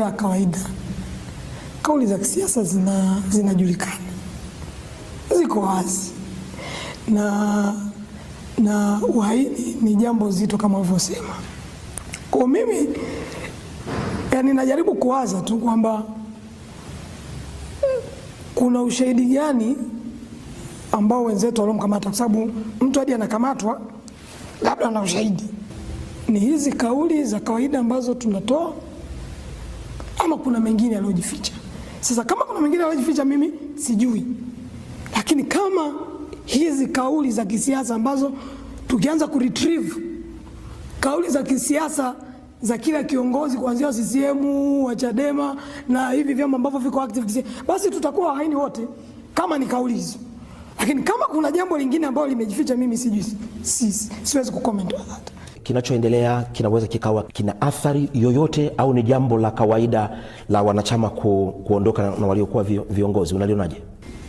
ya kawaida. Kauli za kisiasa zina zinajulikana, ziko wazi na na uhaini ni jambo zito kama ulivyosema. Kwa mimi yani, najaribu kuwaza tu kwamba kuna ushahidi gani ambao wenzetu waliomkamata, kwa sababu mtu hadi anakamatwa labda ana ushahidi, ni hizi kauli za kawaida ambazo tunatoa ama kuna mengine yanayojificha. Sasa kama kuna mengine yanayojificha, mimi sijui, lakini kama hizi kauli za kisiasa ambazo tukianza kuretrieve kauli za kisiasa za kila kiongozi kuanzia CCM wa Chadema na hivi vyama ambavyo viko active, basi tutakuwa haini wote kama ni kauli hizo. Lakini kama kuna jambo lingine ambalo limejificha, mimi sijui, siwezi ku comment on that kinachoendelea kinaweza kikawa kina athari yoyote au ni jambo la kawaida la wanachama ku, kuondoka na waliokuwa viongozi? Unalionaje?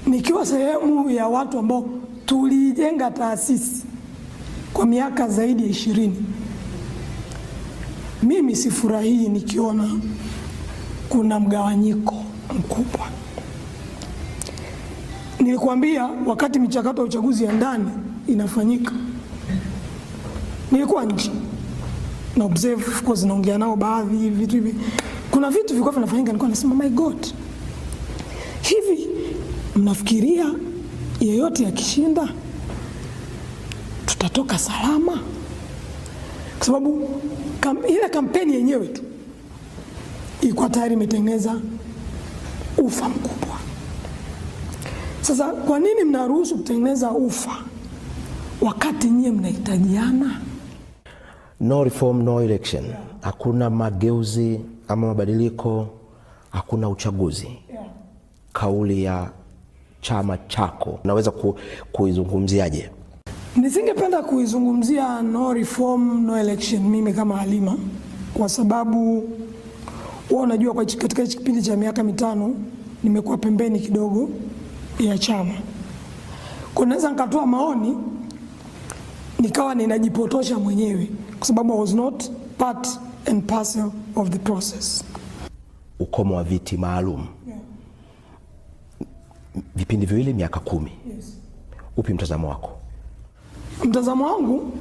Nikiwa sehemu ya watu ambao tulijenga taasisi kwa miaka zaidi ya ishirini, mimi sifurahii nikiona kuna mgawanyiko mkubwa. Nilikuambia wakati michakato ya uchaguzi ya ndani inafanyika nilikuwa nje na observe of course, naongea nao baadhi vitu hivi, kuna vitu vilikuwa vinafanyika, nilikuwa nasema my God, hivi mnafikiria yeyote akishinda tutatoka salama? Kwa sababu kam, ile kampeni yenyewe tu ilikuwa tayari imetengeneza ufa mkubwa. Sasa kwa nini mnaruhusu kutengeneza ufa wakati nyie mnahitajiana? no reform, no election. Hakuna mageuzi ama mabadiliko, hakuna uchaguzi. Kauli ya chama chako unaweza ku, kuizungumziaje? Nisingependa kuizungumzia no reform, no election mimi kama Halima, kwa sababu wewe unajua kwa katika hichi kipindi cha miaka mitano nimekuwa pembeni kidogo ya chama, naweza nikatoa maoni nikawa ninajipotosha mwenyewe kwa sababu I was not part and parcel of the process. Ukomo wa viti maalum yeah. Vipindi viwili miaka kumi. Yes. Upi mtazamo wako? Mtazamo wangu,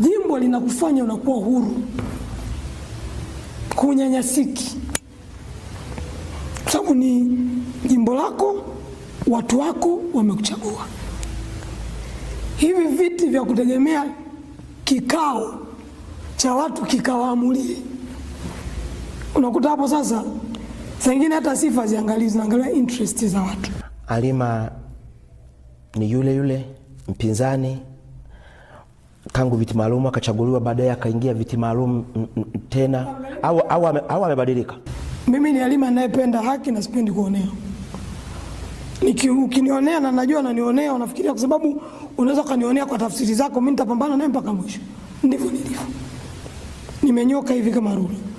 jimbo linakufanya unakuwa huru kunyanyasiki, kwa sababu ni jimbo lako, watu wako wamekuchagua. Hivi viti vya kutegemea kikao cha watu kikawaamulie. Unakuta hapo sasa, zingine hata sifa ziangalia, zinaangalia interest za watu. Halima ni yule yule mpinzani tangu viti maalum akachaguliwa, baadaye akaingia viti maalum tena, au au amebadilika? Mimi ni Halima ninayependa haki na sipendi kuonea. Ukinionea na najua nanionea, unafikiria kwa sababu unaweza ukanionea kwa tafsiri zako, mimi nitapambana naye mpaka mwisho. Ndivyo nilivyo nimenyoka hivi kama rula.